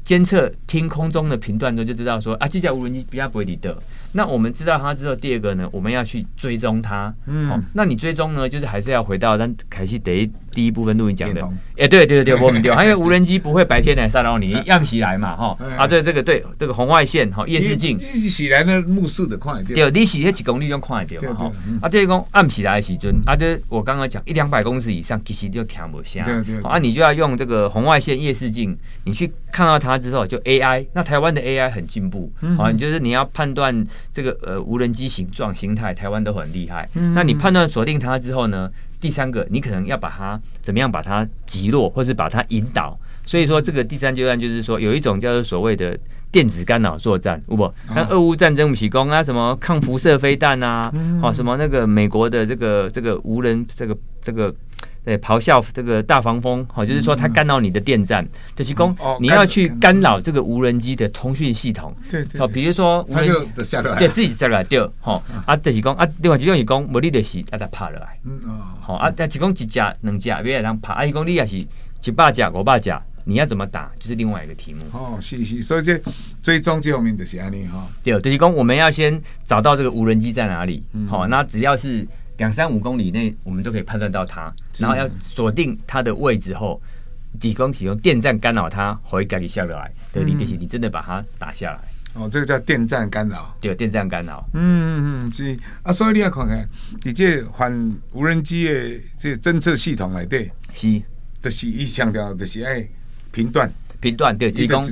Speaker 2: 監測聽空中的頻段中就知道說啊，這架無人機比較不會離得。那我們知道它之後，第二個呢，我們要去追蹤它。嗯、喔，那你追蹤呢，就是還是要回到但凱西得第一部分錄音講的。哎、欸，對對對我們掉。因為無人機不會白天來騷擾你，一不起來嘛，哈、喔。啊，對，對,對這個對這個紅外線哈夜視鏡，你起
Speaker 1: 來那目視的快。對，你
Speaker 2: 起來幾公里就快一點嘛，哈。啊，這個按起來，時候。啊，這我剛剛講一兩百公尺以上其實就停不下。對對。啊，你、啊嗯啊、就要用這個紅外線夜視鏡，你去看到它。之後就 AI，那台灣的 AI 很進步、嗯，好，你就是你要判斷這個呃無人機形狀形態，台灣都很厲害、嗯。那你判斷鎖定它之後呢，第三個你可能要把它怎麼樣把它擊落，或是把它引導。所以說這個第三階段就是說有一種叫做所謂的電子干擾作戰，不，那、哦、俄烏戰爭武器攻啊，什麼抗輻射飛彈啊，好、嗯，什麼那個美國的這個這個無人這個這個。這個對，咆哮這個大黃蜂，好，就是說它干擾你的電站，就是講，就是、你要去干擾這個無人機的通訊系統，對、嗯，好、哦，比如說人，他就下來對自己下來掉，好，啊，就是講啊，另外幾種是講，無厘的是他在爬下來，嗯哦，好啊，就是講一隻、兩隻，別人爬，啊，嗯就是、一公里也是七八架、五百架，你要怎麼打，就是另外一個題目。哦，是是，所以這最終最後面就是安尼哈，對，就是講我們要先找到這個無人機在哪裡，好、嗯哦，那只要是。兩三五公里內，我們都可以判斷到它，然後要鎖定它的位置後，提供提供電站干擾它，會改一下來的。你就是你真的把它打下來，哦，這個叫電站干擾，對，電站干擾。
Speaker 1: 嗯，嗯，嗯，是啊，所以你要看看你這反無人機的這個偵測系統來，對，是，這是，一強調，這是哎頻段，頻段對，提供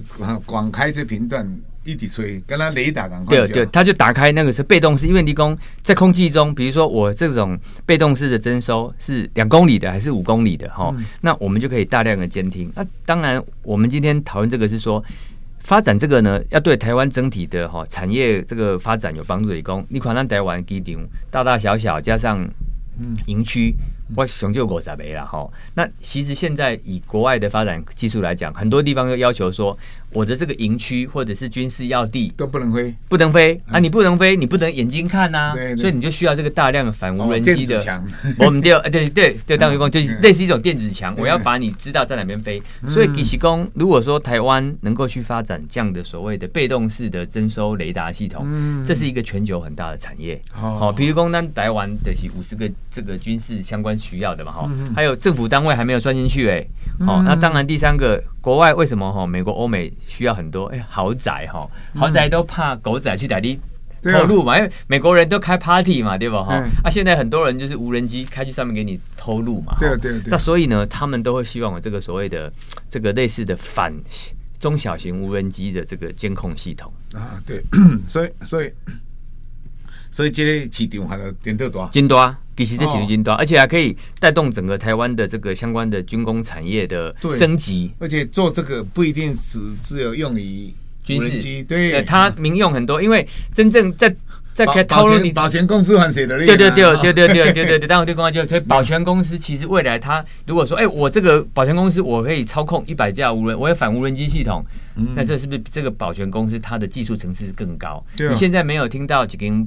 Speaker 1: 廣開這頻段。一地吹，跟他雷達對，對對，
Speaker 2: 他就打開那個是被動式，因為你宮在空氣中，比如說我這種被動式的徵收是兩公里的還是五公里的哈、嗯？那我們就可以大量的監聽。那當然，我們今天討論這個是說，發展這個呢，要對台灣整體的哈產業這個發展有幫助。的宮，你看咱台灣機場大大小小加上營區、嗯，我想就五十個了哈。那其實現在以國外的發展技術來講，很多地方都要求說。我的這個營區或者是軍事要地都不能飛，不能飛、嗯、啊！你不能飛，你不能眼睛看吶、啊，所以你就需要這個大量的反無人機的。我們叫對對、啊、對，當局工就是類、嗯、似一種電子牆、嗯，我要把你知道在哪邊飛。嗯、所以李奇工，如果說台灣能夠去發展這樣的所謂的被動式的徵收雷達系統、嗯，這是一個全球很大的產業。好、哦，譬如光單台灣的是五十個這個軍事相關需要的嘛，哈、嗯，還有政府單位還沒有算進去哎。好、嗯哦，那當然第三個。國外為什麼哈？美國、歐美需要很多哎、欸、豪宅哈、嗯？豪宅都怕狗仔去打地投入嘛、啊？因為美國人都開 party 嘛，對不哈、嗯？啊，現在很多人就是無人機開去上面給你偷錄嘛。對、啊、對對、啊。那所以呢、啊啊，他們都會希望有這個所謂的這個類似的反中小型無人機的這個監控系統啊，對，所以所以所以這裡市場還有點多金多。其實這幾億訂單，而且還可以帶動整個台灣的這個相關的軍工產業的升級。而且做這個不一定只只有用於軍事，對它民、啊、用很多，因為真正在在可以投你保全公司很捨得。對對對對對對對對。但我對公安就所以保全公司其實未來它如果說哎、欸、我這個保全公司我可以操控一百架無人，我有反無人機系統，那、嗯、這是，是不是這個保全公司它的技術層次更高，對、哦？你現在沒有聽到幾根？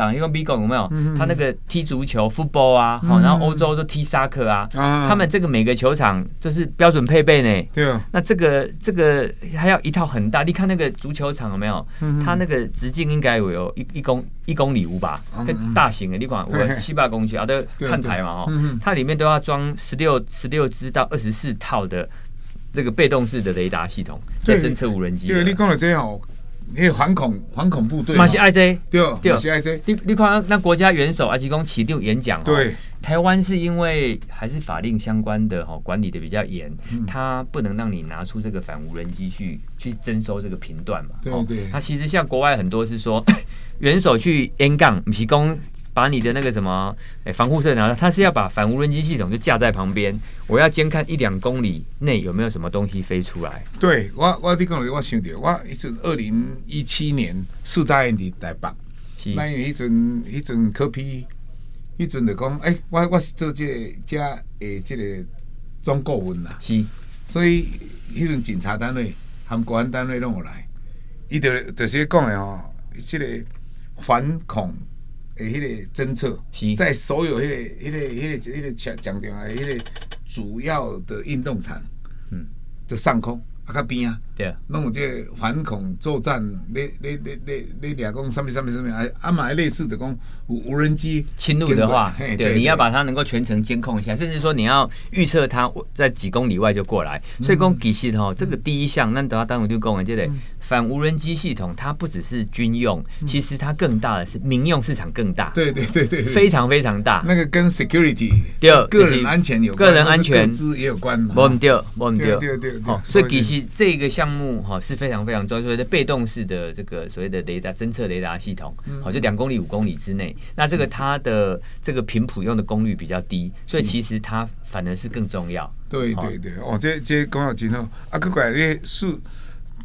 Speaker 2: 講一個 B 哥有沒有？他那個踢足球 football，嗯、啊，好，然後歐洲就踢沙克啊，嗯。他們這個每個球場就是標準配備呢。對啊。那這個這個還要一套很大，你看那個足球場有沒有？他，嗯，那個直徑應該有一一公一公里五吧，很，嗯，大型的。嗯，你講五七八公里啊？都看台嘛哈，嗯。它裡面都要裝十六十六支到二十四套的這個被動式的雷達系統，對在偵測無人機。對，對嗯，你
Speaker 1: 講的真好。因為反恐反
Speaker 2: 恐部隊，馬來西亞 I J 對對，馬西 I J。你你看那國家元首阿吉公起六演講對，台灣是因為還是法令相關的哈，管理的比較嚴，他、嗯、不能讓你拿出這個反無人機去去徵收這個頻段嘛，對對，對。他、喔、其實像國外很多是說，元首去 N 槓，提供。把你的那個什麼，哎、欸，防護設備，他是要把反無人機系統就架在旁邊，我要監看一兩公里內有沒有什麼東西飛出來。
Speaker 1: 對我，我跟你講，我想到我一陣二零一七年四代人，四大天台是，來那陣一陣，一陣可批，一陣就講，哎、欸，我我是做這這個、誒，這，這個總顧問啦，是，所以，那一陣警察單位、國安單位讓我來，伊就就是講的啊、喔，這個反恐。誒、那、迄個偵測，在所有迄個、迄個、迄個、迄個強強點啊，迄個主要的運動場，嗯，的上空啊，較邊啊，
Speaker 2: 對啊，弄個這反
Speaker 1: 恐作戰，你、你、你、你、你倆公什麼什麼什麼，還阿瑪類似的講無無人機侵入的話，對，對，你要
Speaker 2: 把它能夠全程監控一下，甚至說你要預測它在幾公里外就過來，所以講體系統，這個第一項，那等下等下就講的即、這個。反無人機系統，它不只是軍用、嗯，其實它更大的是民用市場更大。對對對對，非常非常大。那個跟
Speaker 1: security 第二個人安全有關，個人安全也有關嘛。我們第二，好。所以其實
Speaker 2: 這個項目哈是非常非常專注的被動式的這個所謂的雷達偵測雷達系統，好，就兩公里五公里之內。那這個它的這個頻譜用的功率比較低，所以其實它反而是更重要。對對對，嗯、哦，對對對哦，這這高小金
Speaker 1: 哦，阿哥管的是。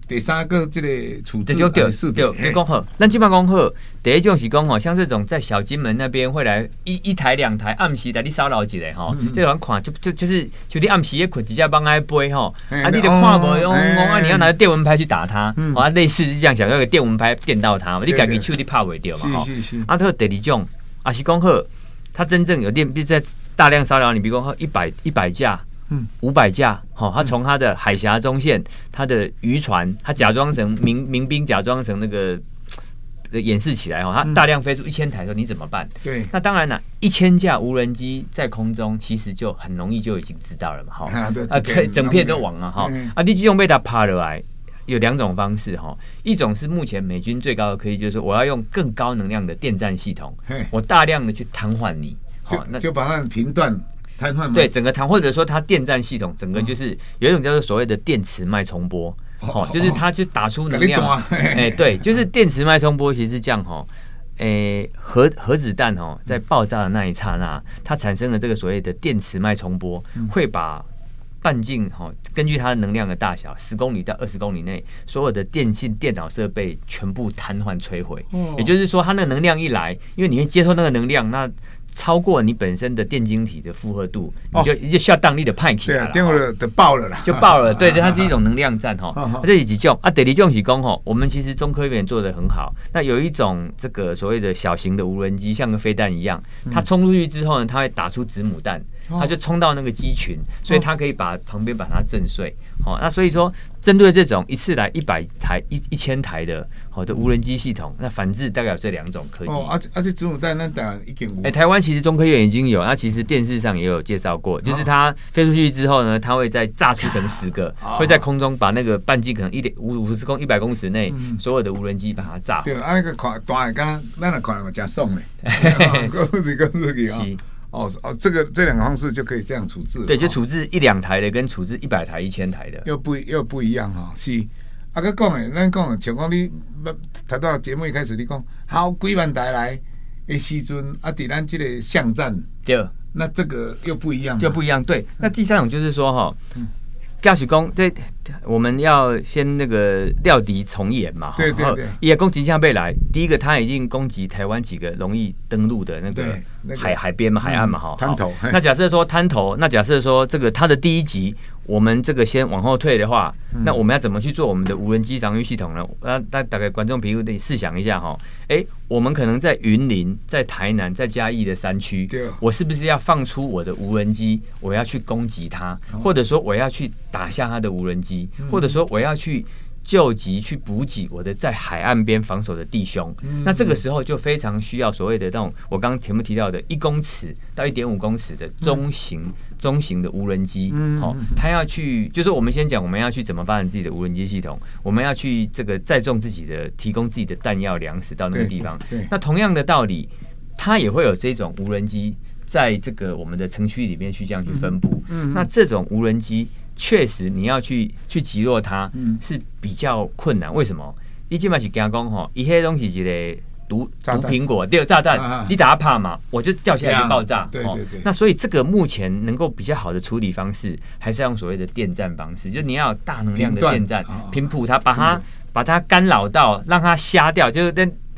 Speaker 1: 第三個這個處置視頻，你講好，
Speaker 2: 那基本講好，第一種是講好，像這種在小金門那邊會來一一台兩台暗時在你騷擾一下哈、嗯，這種款就就就是，就你暗時一捆幾下幫它背吼，啊，你就看不，用啊你要拿電蚊拍去打他，它，啊，、哦啊，哦嗯嗯嗯、啊類似是這樣想，要個電蚊拍電到他，它、嗯，你家己手你拍不到嘛，啊，特第二種，也是講好，他真正有練，比在大量騷擾你比如說，比講好一百一百架。嗯，五百架哈，他從他的海峽中線，他、嗯、的漁船，他假裝成民民兵，假裝成那個，掩飾起來哦，他大量飛出一千、嗯、台說你怎麼辦？對，那當然了、啊，一千架無人機在空中，其實就很容易就已經知道了嘛，哈、哦，啊，整整片都網了哈、哦嗯，啊，敵機用雷達爬來，有兩種方式哈、哦，一種是目前美軍最高的可以就是我要用更高能量的電戰系統，嘿我大量的去癱瘓你，好、哦，那就把那頻段。癱瘓嗎？對，整個癱，或者說它電站系統整個就是有一種叫做所謂的電磁脈衝波，哦，就是它去打出能量，哎、欸，對、嗯，就是電磁脈衝波其實是這樣，哈，誒，核核子彈哈，在爆炸的那一剎那，它產生了這個所謂的電磁脈衝波，會把半徑哈，根據它的能量的大小，十公里到二十公里內，所有的電信電腦設備全部癱瘓摧毀、哦。也就是說，它那個能量一來，因為你會接受那個能量，那超過你本身的電晶體的負荷度，你就、哦、你就下要大力的派去，對啊，電的爆了啦，就爆了，對、啊、對，它是一種能量戰哈、啊啊，這裡經叫啊得力重起攻吼，我們其實中科院做得很好，那有一種這個所謂的小型的無人機，像個飛彈一樣，它衝出去之後呢，它會打出子母彈，它就衝到那個機群、哦，所以它可以把旁邊把它震碎。哦，那所以說，針對這種一次來一百台、一一千台的好、哦、的無人機系統、嗯，那反制大概有這兩種可以。哦，而
Speaker 1: 且而且，子母彈那當然一點五。哎、欸，台
Speaker 2: 灣其實中科院已經有，那其實電視上也有介紹過，就是它飛出去之後呢，它會再炸出成十個、啊，會在空中把那個半徑可能一點五五十公一百公尺內所有的無人機把它炸
Speaker 1: 掉。對啊，那個寬，剛剛那那寬嘛，加送嘞。哦哦，
Speaker 2: 這個這兩個方式就可以這樣處置。對，就處置一兩台的，跟處置一百台、一千台的，哦、
Speaker 1: 又不又不一樣哈、哦。是，啊，哥講誒，那講，像講你，談到節目一開始，你講好幾萬台來誒時陣，啊，佇咱這個巷戰，對，那這個又不一樣，
Speaker 2: 就不一樣。對，那第三種就是說哈、哦，駕駛工對。我們要先那個料敵從嚴嘛，對對也攻擊一下未來。第一個，他已經攻擊台灣幾個容易登陸的那個海海邊、那個、海岸嘛，哈、嗯，灘頭、嗯。那假設說灘頭，那假設說這個他的第一集，我們這個先往後退的話、嗯，那我們要怎麼去做我們的無人機防禦系統呢？那大家大概觀眾朋友你試想一下哈、哦，哎，我們可能在雲林、在台南、在嘉義的山區，我是不是要放出我的無人機，我要去攻擊他、嗯，或者說我要去打下他的無人機？或者說我要去救急，去補給我的在海岸邊防守的弟兄、嗯嗯，那這個時候就非常需要所謂的那種我剛剛前面提到的一公尺到一點五公尺的中型、嗯、中型的無人機。好、嗯嗯哦，他要去，就是我們先講，我們要去怎麼發展自己的無人機系統，我們要去這個載重自己的、提供自己的彈藥、糧食到那個地方對對。那同樣的道理，他也會有這種無人機在這個我們的城區裡面去這樣去分布、嗯嗯。嗯，那這種無人機。確實，你要去去擊落它，是比較困難。嗯、為什麼？你起碼是跟他講吼，一些東西就嘞毒毒蘋果，帶炸彈、啊啊，你打怕嘛？我就掉下來就爆炸。啊喔、對，對，對，那所以這個目前能夠比較好的處理方式，還是要用所謂的電戰方式，就你要有大能量的電戰，頻譜它，把它、嗯、把它干擾到，讓它瞎掉，就是跟。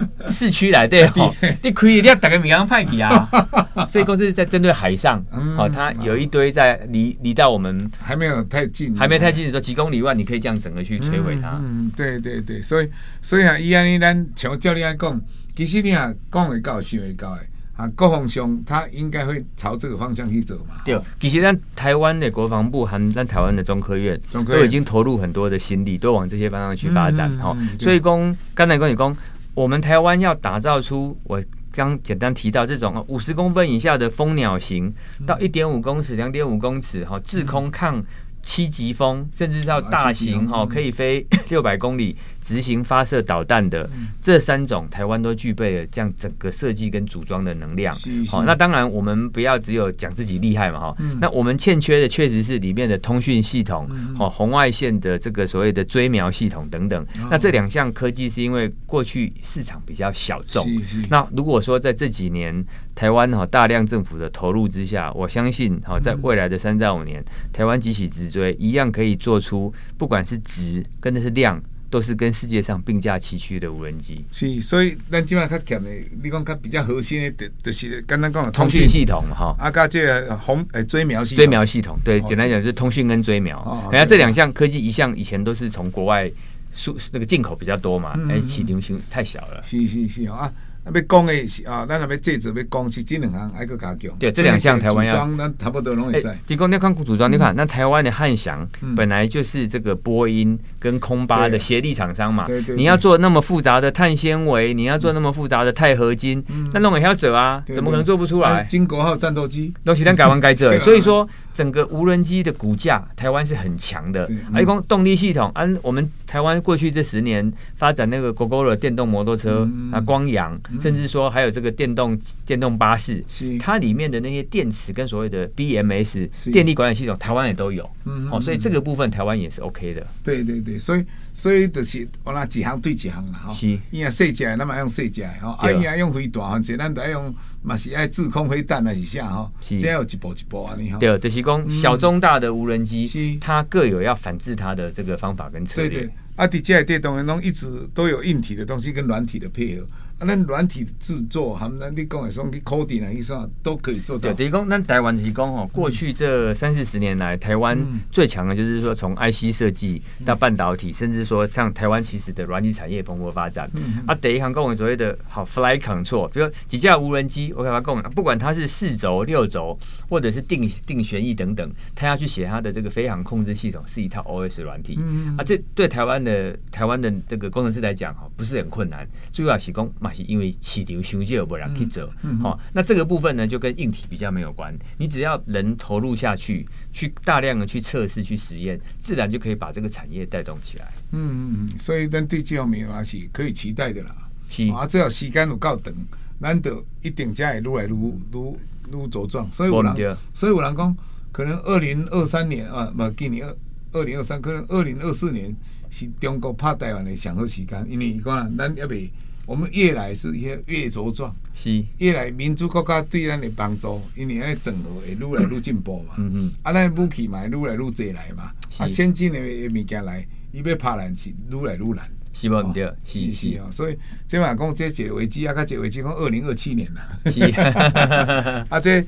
Speaker 2: (laughs) 市區來的，你可以，你要打個名章派啊。 (laughs) 所以公司是在針對海上，哦、嗯，它有一堆在離離、啊、到我們還沒有太近，還沒太近的時候，幾公里外，你可以
Speaker 1: 這樣整個去摧毀它。嗯，對對對，所以所以啊，依安依咱從教練阿講，其實你啊，高為高，細為高哎。啊，各方向他應該會朝這個方向去
Speaker 2: 走嘛。對，其實咱台灣的國防部和咱台灣的中科院，中科院都已經投入很多的心力，都往這些方向去發展。嗯嗯、對所以公剛才跟你公。我們台灣要打造出，我剛簡單提到這種五十公分以下的蜂鳥型，到一點五公尺、兩點五公尺哈，滯空抗七級風，甚至到大型哈，可以飛六百公里。執行發射導彈的這三種，台灣都具備了這樣整個設計跟組裝的能量。好、哦，那當然我們不要只有講自己厲害嘛，哈、哦。那我們欠缺的確實是裡面的通訊系統、哦，紅外線的這個所謂的追瞄系統等等。哦、那這兩項科技是因為過去市場比較小眾。是是，那如果說在這幾年台灣哈大量政府的投入之下，我相信哈在未來的三到五年，嗯、台灣急起直追，一樣可以做出不管是質跟的是量，都是跟世界上並駕齊驅的無人機，是，所以
Speaker 1: 咱今晚你看比較核心的，就是、通訊系統哈，啊，這個
Speaker 2: 紅追
Speaker 1: 追、哎、系、系統，對，哦、簡單講
Speaker 2: 是通訊跟追瞄然後、哦哦、這兩項科技一向以前都是從國外輸那個進口比較多嘛，哎、嗯，而且市場太小
Speaker 1: 了，是是是啊。那邊講誒，啊，咱那邊製造，那邊講是這兩項，還個。加強。對，這兩項台灣要。組裝，那差不
Speaker 2: 提供、欸就是、你看，看組，組、嗯、裝你看，那台灣的漢翔本來就是這個波音跟空巴的協力廠商嘛、嗯對對對對。你要做那麼複雜的碳纖維，你要做那麼複雜的鈦合金，嗯、那弄也還要做啊、嗯？怎麼可能做不出來？經國號戰鬥機東西都改完改這、 (laughs) 啊，所以說整個無人機的骨架，台灣是很強的。還光、嗯啊、動力系統，按、啊、我們台灣過去這十年發展那個 Gogoro 的電動摩托車、嗯、啊光，光陽。甚至說還有這個電動電動巴士，它裡面的那些電池跟所謂的 BMS 電力管理系統，台灣也都有。嗯哼嗯哼，哦，所以這個部分台灣也是 OK 的。對
Speaker 1: 對對，所以所以就是我那幾行對幾行了
Speaker 2: 哈。是，因為用射箭
Speaker 1: 那麼用射箭哈，啊用回飛彈，簡單得用嘛，是愛制空飛彈那些下哈。這要一步一
Speaker 2: 步啊你。對，啊、是是是這些工、就是、小中大的無人機、嗯，它各有要反制它的這個方法跟策略。對
Speaker 1: 對、對，阿底電動員龍一直都有硬體的東西跟軟體的配合。那、啊、軟體制作，含那你講說你 coding 都可以做
Speaker 2: 到。嗯。那、就是，台灣是講哦，過去這三四十年來，台灣最強的就是說，從 IC 設計到半導體，嗯，甚至說像台灣其實的軟體產業蓬勃發展。嗯、啊，等於講，剛剛我昨夜的好 Flight Control，比如幾架無人機，我跟他講不管它是四軸、六軸，或者是定定旋翼等等，它要去寫它的這個飛航控制系統是一套 OS 軟體。嗯。啊，這對台灣的台灣的這個工程師來講不是很困難。主要啊，是因為市場需求無人去做。好、嗯嗯哦，那這個部分呢，就跟硬體比較沒有關。你只要人投入下去，去大量的去測試、去實驗，自然就可以把這個產業帶動起來。嗯
Speaker 1: 嗯嗯，所以咱對這方面也是可以期待的啦。是啊，只要時間有夠長難得一定家也越來越越越茁壯。所以有人，所以我郎講，可能二零二三年啊，不今年二二零二三，可能二零二四年是中國拍台灣的享受時間，因為講咱要比。我們越來是越越茁壯，是越來民主國家對咱的幫助，因為咱整合也越來越進步嘛。嗯嗯，
Speaker 2: 啊，
Speaker 1: 咱武器嘛越來越濟來嘛是，啊，先進的物件來，伊要拍人是越來越難，
Speaker 2: 是無唔對，是是哦。
Speaker 1: 所以即話講，即個危機啊，跟這一個危機講二零二七年啦、啊。是 (laughs) (laughs) 啊，這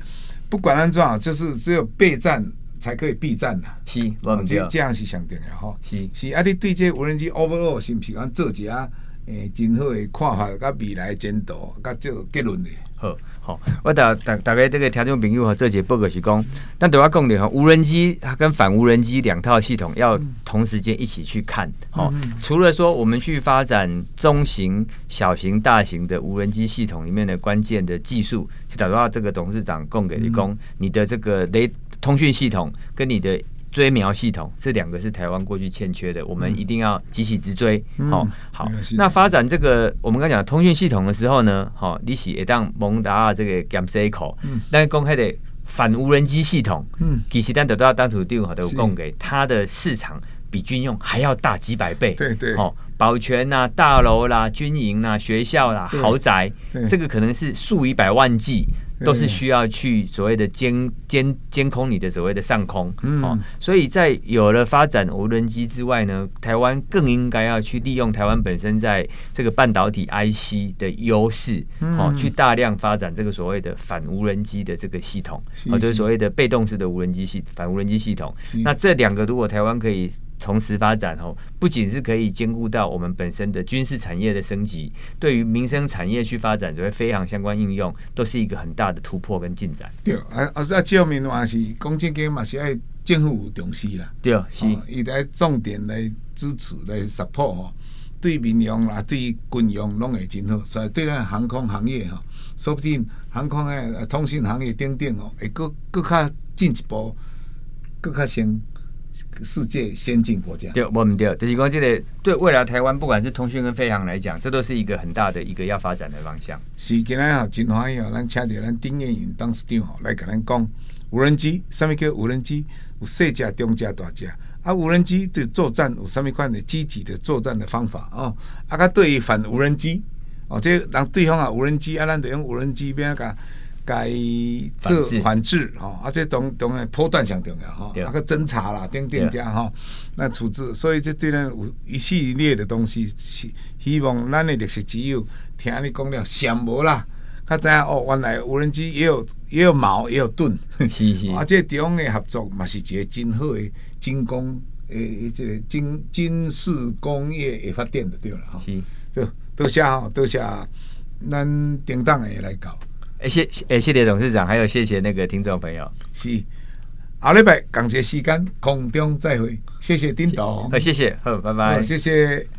Speaker 1: 不管安怎，就是只有備戰才可以避戰吶、啊。是，我講、哦、這這樣是上重要的。吼、哦。是是，啊，你對這無人機 overall 是唔是按做一啊？誒、欸，真好誒！看法甲未來進度這個結論誒，
Speaker 2: 好好。我給大大大概這個聽眾朋友和做些報告是講，那對我講的話，無人機跟反無人機兩套系統要同時間一起去看。好、嗯，除了說我們去發展中型、小型、大型的無人機系統裡面的關鍵的技術，就找到這個董事長供給的工，你的這個雷通訊系統跟你的。追瞄系統，這兩個是台灣過去欠缺的，嗯、我們一定要急起直追。嗯哦、好，好、嗯，那發展這個我們剛講通訊系統的時候呢，哈、哦，你是會當蒙達這個 game cycle，嗯、但公開的反無人機系統，嗯、其實咱得到當初電話都供給，它的市場比軍用還要大幾百倍。對對，哦，保全吶、啊，大樓啦、啊嗯，軍營吶、啊，學校啦、啊，豪宅，這個可能是數以百萬計。都是需要去所謂的監監監控你的所謂的上空、嗯、哦，所以在有了發展無人機之外呢，台灣更應該要去利用台灣本身在這個半導體 IC 的優勢、嗯、哦，去大量發展這個所謂的反無人機的這個系統，啊、哦，就是所謂的被動式的無人機系反無人機系統。那這兩個如果台灣可以，同時發展哦，不僅是可以兼顧到我們本身的軍事產業的升級，對於民生產業去發展，所謂飛航相關應用，都是一個很大的突破跟進展。
Speaker 1: 對，啊，啊，這後面的話是公積金嘛是要政府有重視啦。對啊，是，伊、哦、來重點來支持來 support 哦，對民用啦，對軍用攏會真好，所以對咱航空行業哈，說不定航空的通信行業等等哦，會更更較
Speaker 2: 進一步，更較先。世界先進國家，對，我們對，就是講這個對未來台灣，不管是通訊跟飛行來講，這都是一個很大的一個要發展的方向。
Speaker 1: 是今仔日啊，真歡喜啊，咱請一個咱丁彥允董事長來跟咱講無人機，什麼叫無人機有四架、中架、大架，啊，無人機的作戰有什麼樣的積極的作戰的方法哦，啊，個對於反無人機哦、啊，這讓對方啊無人機啊，咱得用無人機變啊個。該治管制吼、哦，啊，且種種誒，波段上重要吼，那個、啊、偵查啦，頂頂加吼，那處置，所以這對咱一系列的東西，希希望咱誒歷史只有聽你講了，想無啦，他知哦，原來無人機也有也有矛也有盾，而且地方誒合作嘛是一個真好誒，軍工誒，即個軍軍事工業一發展、哦、的對啦，哈，多多謝吼，多謝咱政黨誒來搞。
Speaker 2: 哎，謝哎，謝謝董事長，還有謝謝那個聽眾朋友。是，
Speaker 1: 阿、啊、叻，感謝時間，空中再會，謝謝丁董，好，謝謝，好，拜拜，謝謝。